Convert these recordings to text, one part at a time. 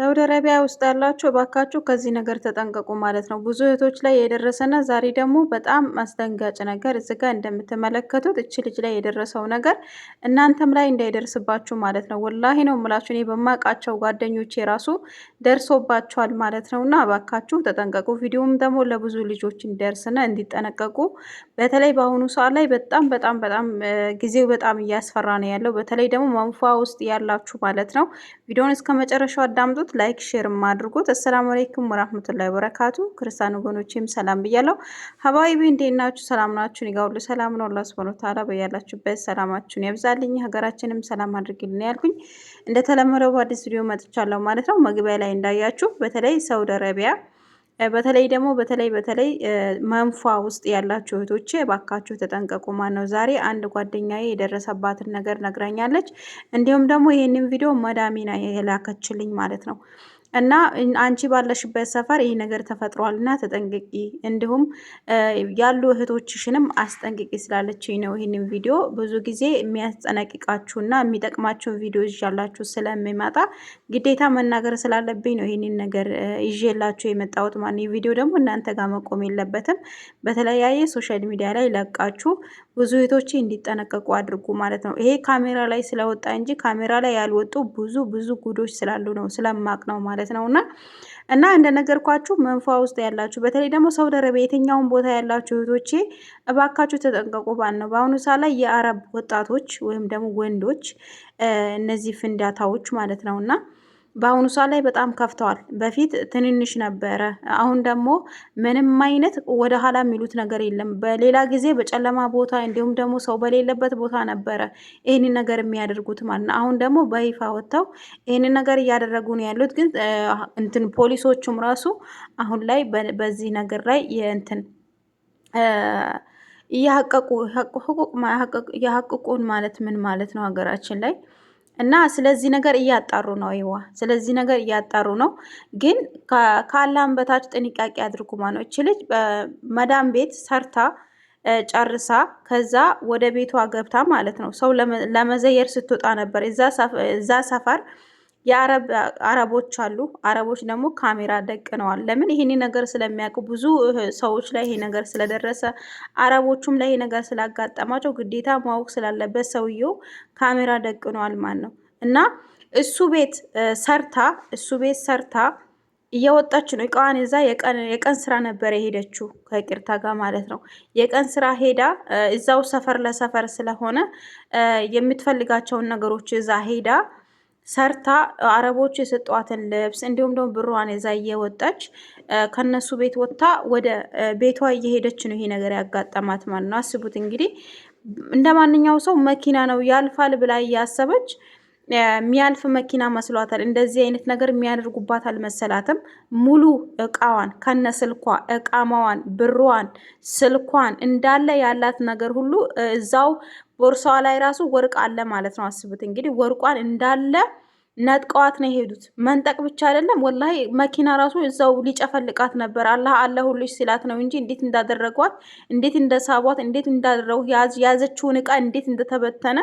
ሳውዲ አረቢያ ውስጥ ያላችሁ እባካችሁ ከዚህ ነገር ተጠንቀቁ ማለት ነው። ብዙ እህቶች ላይ የደረሰና ዛሬ ደግሞ በጣም አስደንጋጭ ነገር እዚህ ጋር እንደምትመለከቱት እች ልጅ ላይ የደረሰው ነገር እናንተም ላይ እንዳይደርስባችሁ ማለት ነው። ወላሂ ነው ምላችሁ። እኔ በማውቃቸው ጓደኞች የራሱ ደርሶባቸዋል ማለት ነው። እና እባካችሁ ተጠንቀቁ። ቪዲዮም ደግሞ ለብዙ ልጆች እንዲደርስና እንዲጠነቀቁ በተለይ በአሁኑ ሰዓት ላይ በጣም በጣም በጣም ጊዜው በጣም እያስፈራ ነው ያለው። በተለይ ደግሞ መንፏ ውስጥ ያላችሁ ማለት ነው። ቪዲዮን እስከ መጨረሻው አዳምጡ። የምትሉት ላይክ ሼርም አድርጉት። አሰላሙ አለይኩም ወራህመቱላሂ ወበረካቱ። ክርስቲያን ወገኖቼም ሰላም ብያለሁ። ሀባይቢ እንዴት ናችሁ? ሰላም ናችሁ? እኔ ጋ ሁሉ ሰላም ነው። አላህ ሱብሃነሁ ወተዓላ በያላችሁበት ሰላማችሁን ያብዛልኝ፣ ሀገራችንም ሰላም አድርግልን ያልኩኝ እንደተለመደው በአዲስ ቪዲዮ መጥቻለሁ ማለት ነው። መግቢያ ላይ እንዳያችሁ በተለይ ሳውዲ አረቢያ በተለይ ደግሞ በተለይ በተለይ መንፏ ውስጥ ያላችሁ እህቶች ባካችሁ ተጠንቀቁ። ማን ነው ዛሬ አንድ ጓደኛዬ የደረሰባትን ነገር ነግራኛለች። እንዲሁም ደግሞ ይህንን ቪዲዮ መዳሚና የላከችልኝ ማለት ነው። እና አንቺ ባለሽበት ሰፈር ይህ ነገር ተፈጥሯል እና ተጠንቅቂ፣ እንዲሁም ያሉ እህቶችሽንም አስጠንቅቂ ስላለችኝ ነው ይህንን ቪዲዮ። ብዙ ጊዜ የሚያስጠነቅቃችሁ እና የሚጠቅማችሁን ቪዲዮ ይዣላችሁ ስለሚመጣ ግዴታ መናገር ስላለብኝ ነው ይህንን ነገር ይዤላችሁ የመጣሁት። ማን ቪዲዮ ደግሞ እናንተ ጋር መቆም የለበትም። በተለያየ ሶሻል ሚዲያ ላይ ለቃችሁ ብዙ እህቶች እንዲጠነቀቁ አድርጉ ማለት ነው። ይሄ ካሜራ ላይ ስለወጣ እንጂ ካሜራ ላይ ያልወጡ ብዙ ብዙ ጉዶች ስላሉ ነው ስለማቅ ነው ማለት ማለት ነው እና እና እንደነገርኳችሁ መንፏ ውስጥ ያላችሁ በተለይ ደግሞ ሳውዲ አረቢያ የትኛውን ቦታ ያላችሁ እህቶቼ እባካችሁ ተጠንቀቁ። ባን ነው በአሁኑ ሰዓት ላይ የአረብ ወጣቶች ወይም ደግሞ ወንዶች እነዚህ ፍንዳታዎች ማለት ነው እና በአሁኑ ሰዓት ላይ በጣም ከፍተዋል። በፊት ትንንሽ ነበረ፣ አሁን ደግሞ ምንም አይነት ወደ ኋላ የሚሉት ነገር የለም። በሌላ ጊዜ በጨለማ ቦታ እንዲሁም ደግሞ ሰው በሌለበት ቦታ ነበረ ይህንን ነገር የሚያደርጉት ማለት ነው። አሁን ደግሞ በይፋ ወጥተው ይህንን ነገር እያደረጉ ነው ያሉት። ግን እንትን ፖሊሶቹም ራሱ አሁን ላይ በዚህ ነገር ላይ የእንትን እያቀቁ ያቀቁን ማለት ምን ማለት ነው ሀገራችን ላይ እና ስለዚህ ነገር እያጣሩ ነው። ይዋ ስለዚህ ነገር እያጣሩ ነው። ግን ካላም በታች ጥንቃቄ አድርጉ። ማኖች ልጅ መዳም ቤት ሰርታ ጨርሳ ከዛ ወደ ቤቷ ገብታ ማለት ነው ሰው ለመዘየር ስትወጣ ነበር እዛ ሰፈር የአረቦች አሉ። አረቦች ደግሞ ካሜራ ደቅነዋል። ለምን ይሄን ነገር ስለሚያውቁ ብዙ ሰዎች ላይ ይሄ ነገር ስለደረሰ አረቦቹም ላይ ይሄ ነገር ስላጋጠማቸው ግዴታ ማወቅ ስላለበት ሰውየው ካሜራ ደቅነዋል ማለት ነው። እና እሱ ቤት ሰርታ እሱ ቤት ሰርታ እየወጣች ነው እቃዋን። እዛ የቀን ስራ ነበረ የሄደችው ከቂርታ ጋር ማለት ነው። የቀን ስራ ሄዳ እዛው ሰፈር ለሰፈር ስለሆነ የምትፈልጋቸውን ነገሮች እዛ ሄዳ ሰርታ አረቦቹ የሰጧትን ልብስ እንዲሁም ደግሞ ብሯን ይዛ እየወጣች ከነሱ ቤት ወጥታ ወደ ቤቷ እየሄደች ነው ይሄ ነገር ያጋጠማት ማለት ነው። አስቡት እንግዲህ እንደ ማንኛው ሰው መኪና ነው ያልፋል ብላ እያሰበች የሚያልፍ መኪና መስሏታል። እንደዚህ አይነት ነገር የሚያደርጉባት አልመሰላትም። ሙሉ እቃዋን ከነ ስልኳ እቃማዋን፣ ብሯን፣ ስልኳን እንዳለ ያላት ነገር ሁሉ እዛው ቦርሳዋ ላይ ራሱ ወርቅ አለ ማለት ነው። አስቡት እንግዲህ ወርቋን እንዳለ ነጥቀዋት ነው የሄዱት። መንጠቅ ብቻ አይደለም ወላሂ መኪና ራሱ እዛው ሊጨፈልቃት ነበር። አላህ አላህ ሲላት ነው እንጂ እንዴት እንዳደረጓት፣ እንዴት እንደሳቧት፣ እንዴት እንዳደረጉ ያዘችውን እቃ እንዴት እንደተበተነ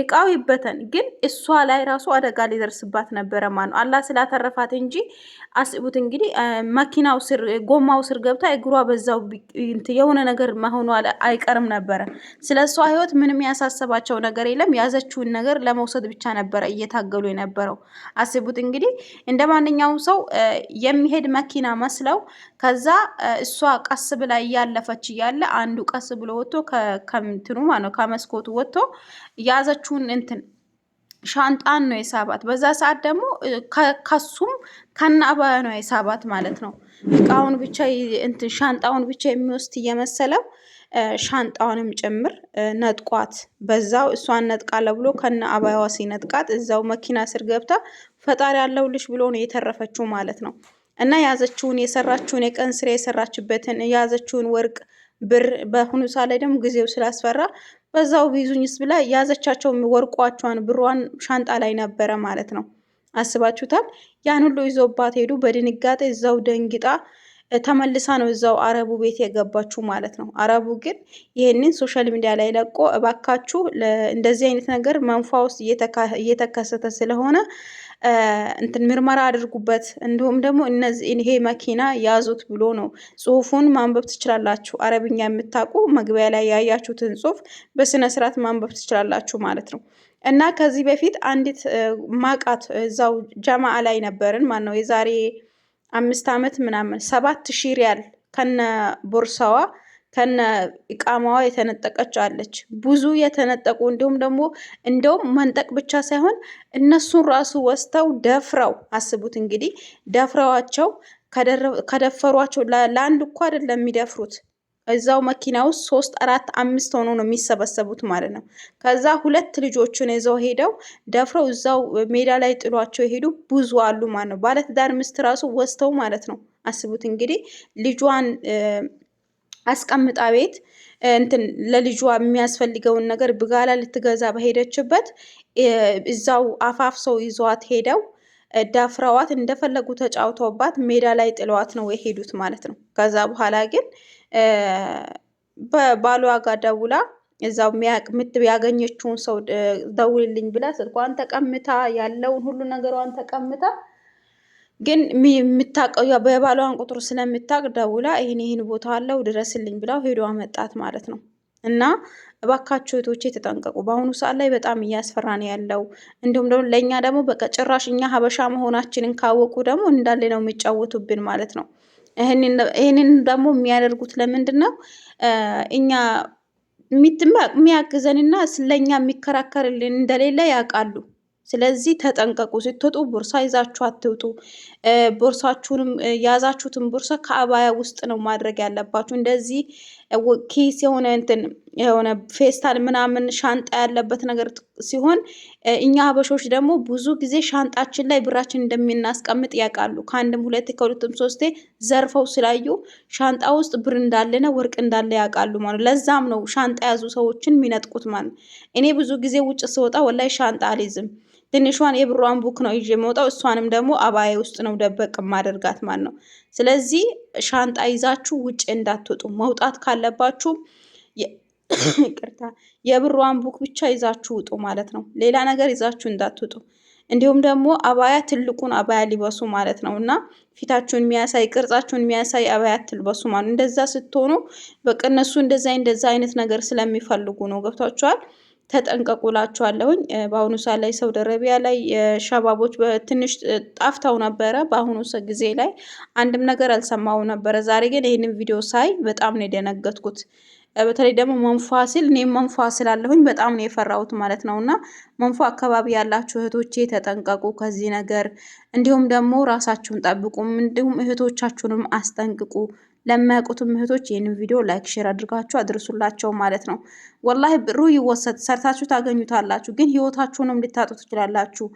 እቃው ይበተን፣ ግን እሷ ላይ ራሱ አደጋ ሊደርስባት ነበረ። ማ ነው አላ ስላተረፋት እንጂ አስቡት እንግዲህ መኪናው ስር ጎማው ስር ገብታ እግሯ በዛው የሆነ ነገር መሆኗ አይቀርም ነበረ። ስለ እሷ ህይወት ምንም ያሳሰባቸው ነገር የለም። ያዘችውን ነገር ለመውሰድ ብቻ ነበረ እየታገሉ የነበረው። አስቡት እንግዲህ እንደ ማንኛውም ሰው የሚሄድ መኪና መስለው ከዛ እሷ ቀስ ብላ እያለፈች እያለ አንዱ ቀስ ብሎ ወጥቶ ከምትኑ ማ ነው ከመስኮቱ ወጥቶ ያዘች ያለችውን እንትን ሻንጣን ነው የሳባት። በዛ ሰዓት ደግሞ ከሱም ከናባያ ነው የሳባት ማለት ነው። እቃውን ብቻ እንትን ሻንጣውን ብቻ የሚወስድ እየመሰለው ሻንጣውንም ጭምር ነጥቋት፣ በዛው እሷን ነጥቃለ ብሎ ከነ አባያዋ ሲነጥቃት እዛው መኪና ስር ገብታ ፈጣሪ ያለው ልሽ ብሎ ነው የተረፈችው ማለት ነው። እና የያዘችውን የሰራችውን የቀን ስራ የሰራችበትን የያዘችውን ወርቅ ብር በአሁኑ ሰዓት ላይ ደግሞ ጊዜው ስላስፈራ በዛው ቢይዙኝስ ብላ ያዘቻቸው ወርቋቿን ብሯን ሻንጣ ላይ ነበረ ማለት ነው። አስባችሁታል? ያን ሁሉ ይዞባት ሄዱ። በድንጋጤ እዛው ደንግጣ ተመልሳ ነው እዛው አረቡ ቤት የገባችሁ ማለት ነው። አረቡ ግን ይህንን ሶሻል ሚዲያ ላይ ለቆ እባካችሁ እንደዚህ አይነት ነገር መንፋ ውስጥ እየተከሰተ ስለሆነ እንትን ምርመራ አድርጉበት፣ እንዲሁም ደግሞ ይሄ መኪና ያዙት ብሎ ነው። ጽሁፉን ማንበብ ትችላላችሁ። አረብኛ የምታውቁ መግቢያ ላይ ያያችሁትን ጽሁፍ በስነስርዓት ማንበብ ትችላላችሁ ማለት ነው። እና ከዚህ በፊት አንዲት ማቃት እዛው ጀማአ ላይ ነበርን። ማነው የዛሬ አምስት ዓመት ምናምን ሰባት ሺህ ሪያል ከነ ቦርሳዋ ከነ እቃማዋ የተነጠቀች አለች። ብዙ የተነጠቁ እንዲሁም ደግሞ እንደውም መንጠቅ ብቻ ሳይሆን እነሱን ራሱ ወስተው ደፍረው አስቡት እንግዲህ ደፍረዋቸው ከደፈሯቸው ለአንድ እኮ አይደለም የሚደፍሩት እዛው መኪና ውስጥ ሶስት አራት አምስት ሆኖ ነው የሚሰበሰቡት ማለት ነው። ከዛ ሁለት ልጆቹን ይዘው ሄደው ደፍረው እዛው ሜዳ ላይ ጥሏቸው የሄዱ ብዙ አሉ ማለት ነው። ባለትዳር ሚስት ራሱ ወስተው ማለት ነው። አስቡት እንግዲህ ልጇን አስቀምጣ ቤት እንትን ለልጇ የሚያስፈልገውን ነገር ብጋላ ልትገዛ በሄደችበት እዛው አፋፍ ሰው ይዟት ሄደው ደፍረዋት እንደፈለጉ ተጫውተውባት ሜዳ ላይ ጥለዋት ነው የሄዱት ማለት ነው። ከዛ በኋላ ግን ባሏ ጋር ደውላ እዛው ያገኘችውን ሰው ደውልልኝ ብላ ስልኳን ተቀምታ ያለውን ሁሉ ነገሯን ተቀምታ ግን የምታውቀው የባሏን ቁጥር ስለምታውቅ ደውላ ይህን ይህን ቦታ አለው ድረስልኝ ብላው ሄዶ አመጣት ማለት ነው። እና እባካችሁ እህቶቼ ተጠንቀቁ። በአሁኑ ሰዓት ላይ በጣም እያስፈራ ነው ያለው። እንዲሁም ደግሞ ለእኛ ደግሞ በቃ ጭራሽ እኛ ሀበሻ መሆናችንን ካወቁ ደግሞ እንዳለ ነው የሚጫወቱብን ማለት ነው። ይህንን ደግሞ የሚያደርጉት ለምንድን ነው? እኛ የሚያግዘንና ስለኛ የሚከራከርልን እንደሌለ ያውቃሉ። ስለዚህ ተጠንቀቁ። ስትወጡ ቦርሳ ይዛችሁ አትውጡ። ቦርሳችሁንም የያዛችሁትን ቦርሳ ከአባያ ውስጥ ነው ማድረግ ያለባችሁ እንደዚህ ኪስ የሆነ እንትን የሆነ ፌስታል ምናምን ሻንጣ ያለበት ነገር ሲሆን እኛ ሀበሾች ደግሞ ብዙ ጊዜ ሻንጣችን ላይ ብራችን እንደምናስቀምጥ ያውቃሉ። ከአንድም ሁለት ከሁለትም ሶስቴ ዘርፈው ስላዩ ሻንጣ ውስጥ ብር እንዳለነ ወርቅ እንዳለ ያውቃሉ ማለት ነው። ለዛም ነው ሻንጣ የያዙ ሰዎችን የሚነጥቁት ማለት ነው። እኔ ብዙ ጊዜ ውጭ ስወጣ ወላይ ሻንጣ አልይዝም። ትንሿን የብሯን ቡክ ነው ይዤ መውጣው። እሷንም ደግሞ አባዬ ውስጥ ነው ደበቅ ማደርጋት ማለት ነው። ስለዚህ ሻንጣ ይዛችሁ ውጭ እንዳትወጡ። መውጣት ካለባችሁ ይቅርታ የብሯን ቡክ ብቻ ይዛችሁ ውጡ ማለት ነው። ሌላ ነገር ይዛችሁ እንዳትወጡ። እንዲሁም ደግሞ አባያ ትልቁን አባያ ሊበሱ ማለት ነው እና ፊታችሁን የሚያሳይ ቅርጻችሁን የሚያሳይ አባያ ትልበሱ ማለት ነው። እንደዛ ስትሆኑ በቃ እነሱ እንደዛ እንደዛ አይነት ነገር ስለሚፈልጉ ነው። ገብቷችኋል? ተጠንቀቁላችኋለሁኝ። በአሁኑ ሰዓት ላይ ሳውዲ አረቢያ ላይ ሸባቦች በትንሽ ጣፍተው ነበረ። በአሁኑ ጊዜ ላይ አንድም ነገር አልሰማው ነበረ። ዛሬ ግን ይህንን ቪዲዮ ሳይ በጣም ነው የደነገጥኩት። በተለይ ደግሞ መንፏ ሲል እኔም መንፏ ስላለሁኝ በጣም ነው የፈራሁት ማለት ነው። እና መንፏ አካባቢ ያላችሁ እህቶቼ ተጠንቀቁ ከዚህ ነገር፣ እንዲሁም ደግሞ ራሳችሁን ጠብቁም፣ እንዲሁም እህቶቻችሁንም አስጠንቅቁ። ለማያውቁትም እህቶች ይህንን ቪዲዮ ላይክ፣ ሼር አድርጋችሁ አድርሱላቸው ማለት ነው። ወላሂ ብሩ ይወሰድ፣ ሰርታችሁ ታገኙታላችሁ፣ ግን ህይወታችሁንም ልታጡ ትችላላችሁ።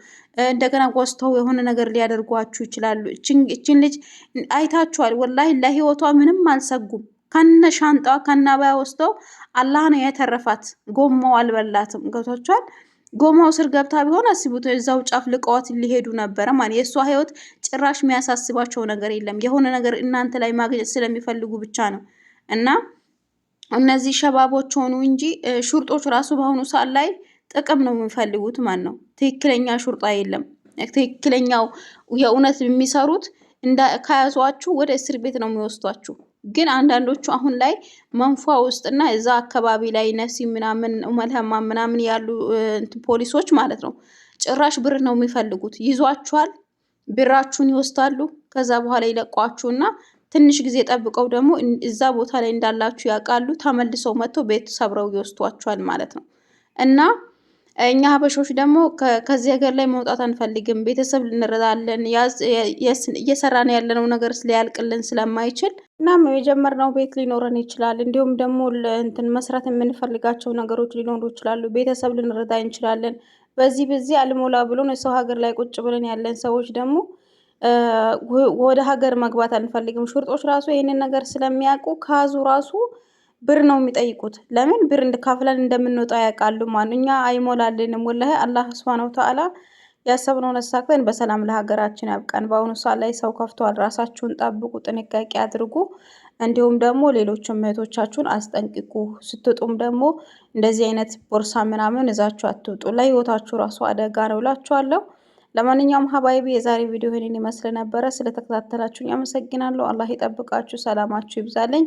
እንደገና ወስተው የሆነ ነገር ሊያደርጓችሁ ይችላሉ። እችን ልጅ አይታችኋል። ወላሂ ለህይወቷ ምንም አልሰጉም። ከነ ሻንጣዋ ከነ አባያ ወስደው አላህ ነው የተረፋት። ጎማው አልበላትም። ገብቷችኋል። ጎማው ስር ገብታ ቢሆን አስቡት፣ እዛው ጫፍ ልቀዋት ሊሄዱ ነበረ ማለት። የእሷ ህይወት ጭራሽ የሚያሳስባቸው ነገር የለም። የሆነ ነገር እናንተ ላይ ማግኘት ስለሚፈልጉ ብቻ ነው እና እነዚህ ሸባቦች ሆኑ እንጂ ሹርጦች ራሱ በአሁኑ ሰዓት ላይ ጥቅም ነው የሚፈልጉት ማለት ነው። ትክክለኛ ሹርጣ የለም። ትክክለኛው የእውነት የሚሰሩት ከያዟችሁ ወደ እስር ቤት ነው የሚወስዷችሁ። ግን አንዳንዶቹ አሁን ላይ መንፏ ውስጥ እና እዛ አካባቢ ላይ ነሲ ምናምን መልህማ ምናምን ያሉ ፖሊሶች ማለት ነው ጭራሽ ብር ነው የሚፈልጉት። ይዟችኋል፣ ብራችሁን ይወስዳሉ። ከዛ በኋላ ይለቋችሁና ትንሽ ጊዜ ጠብቀው ደግሞ እዛ ቦታ ላይ እንዳላችሁ ያውቃሉ። ተመልሰው መጥተው ቤት ሰብረው ይወስዷችኋል ማለት ነው እና እኛ ሀበሾች ደግሞ ከዚህ ሀገር ላይ መውጣት አንፈልግም። ቤተሰብ ልንረዳለን እየሰራን ያለነው ነገር ሊያልቅልን ስለማይችል እናም የጀመርነው ቤት ሊኖረን ይችላል። እንዲሁም ደግሞ እንትን መስራት የምንፈልጋቸው ነገሮች ሊኖሩ ይችላሉ። ቤተሰብ ልንረዳ እንችላለን። በዚህ በዚህ አልሞላ ብሎን የሰው ሀገር ላይ ቁጭ ብለን ያለን ሰዎች ደግሞ ወደ ሀገር መግባት አንፈልግም። ሹርጦች ራሱ ይህንን ነገር ስለሚያውቁ ካዙ ራሱ ብር ነው የሚጠይቁት። ለምን ብር እንድካፍለን እንደምንወጣ ያውቃሉ። ማንኛ አይሞላልንም። ወላሂ አላህ ስብሃነ ወተዓላ ያሰብነውን አሳክተን በሰላም ለሀገራችን ያብቃን። በአሁኑ ሰዓት ላይ ሰው ከፍተዋል። ራሳችሁን ጠብቁ፣ ጥንቃቄ አድርጉ። እንዲሁም ደግሞ ሌሎችም እህቶቻችሁን አስጠንቅቁ። ስትጡም ደግሞ እንደዚህ አይነት ቦርሳ ምናምን እዛችሁ አትውጡ። ለህይወታችሁ ራሱ አደጋ ነው እላችኋለሁ። ለማንኛውም ሀባይቢ የዛሬ ቪዲዮ ይህንን ይመስል ነበረ። ስለተከታተላችሁን ያመሰግናለሁ። አላህ ይጠብቃችሁ፣ ሰላማችሁ ይብዛልኝ።